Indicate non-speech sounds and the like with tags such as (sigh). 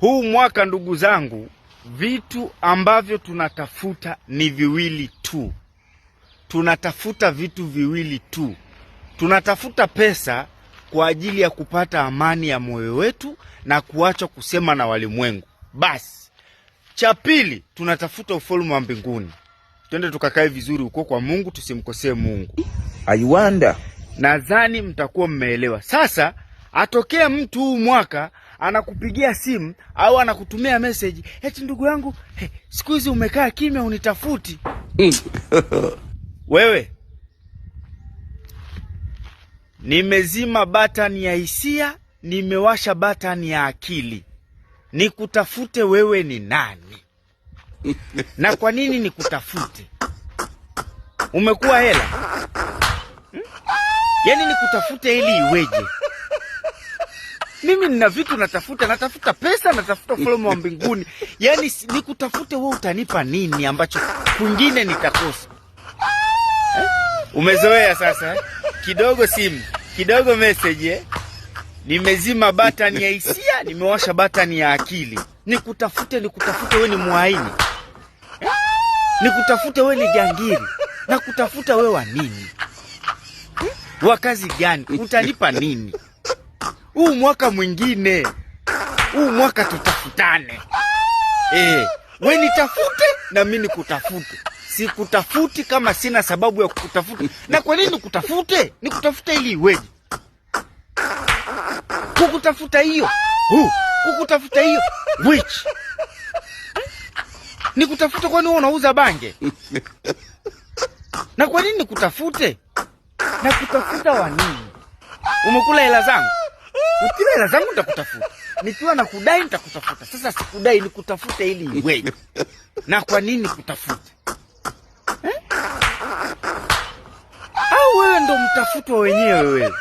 Huu mwaka ndugu zangu, vitu ambavyo tunatafuta ni viwili tu. Tunatafuta vitu viwili tu. Tunatafuta pesa kwa ajili ya kupata amani ya moyo wetu na kuacha kusema na walimwengu. Basi cha pili, tunatafuta ufalme wa mbinguni. Twende tukakae vizuri huko kwa Mungu, tusimkosee Mungu. Aiwanda, nadhani mtakuwa mmeelewa. Sasa atokee mtu huu mwaka anakupigia simu au anakutumia message eti ndugu yangu, hey, siku hizi umekaa kimya unitafuti (laughs) wewe, nimezima batani ya hisia, nimewasha batani ya akili, nikutafute wewe ni nani? (laughs) na kwa nini nikutafute? Umekuwa hela hmm? Yaani nikutafute ili iweje? mimi nina vitu natafuta, natafuta pesa, natafuta ufalme wa mbinguni. Yani nikutafute we utanipa nini ambacho kwingine nitakosa eh? Umezoea sasa eh? Kidogo simu kidogo message eh? Nimezima batani ya hisia, nimewasha batani ya akili. Nikutafute nikutafute, we ni mwaini eh? Nikutafute we ni jangili, nakutafuta we wa nini eh? Wa kazi gani? Utanipa nini? huu mwaka mwingine, huu mwaka tutafutane. Ah! Eh, we nitafute na mi nikutafute. Sikutafuti kama sina sababu ya kukutafuta. Na kwa nini nikutafute? Nikutafute ili iweje? Kukutafuta hiyo huu, kukutafuta hiyo which nikutafute, kwani wewe unauza bange? Na kwa nini nikutafute? Nakutafuta wa nini? Umekula hela zangu? Ukiwa hela zangu nitakutafuta, nikiwa na kudai nitakutafuta. Sasa sikudai nikutafute ili iweje? Na kwa nini kutafuta eh? Au wewe ndo mtafutwa wenyewe wewe?